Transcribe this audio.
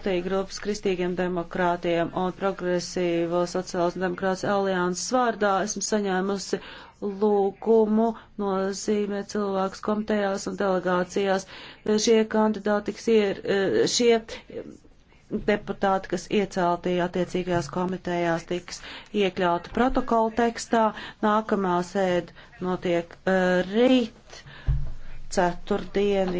partiju grupas kristīgiem demokrātiem un progresīvo sociālas demokrātas alianses vārdā esmu saņēmusi lūgumu nozīmē cilvēks komitejās un delegācijās. Šie kandidāti tiks ir, šie deputāti, kas iecelti attiecīgajās komitejās, tiks iekļauti protokola tekstā. Nākamā sēde notiek eh, rīt, ceturtdien,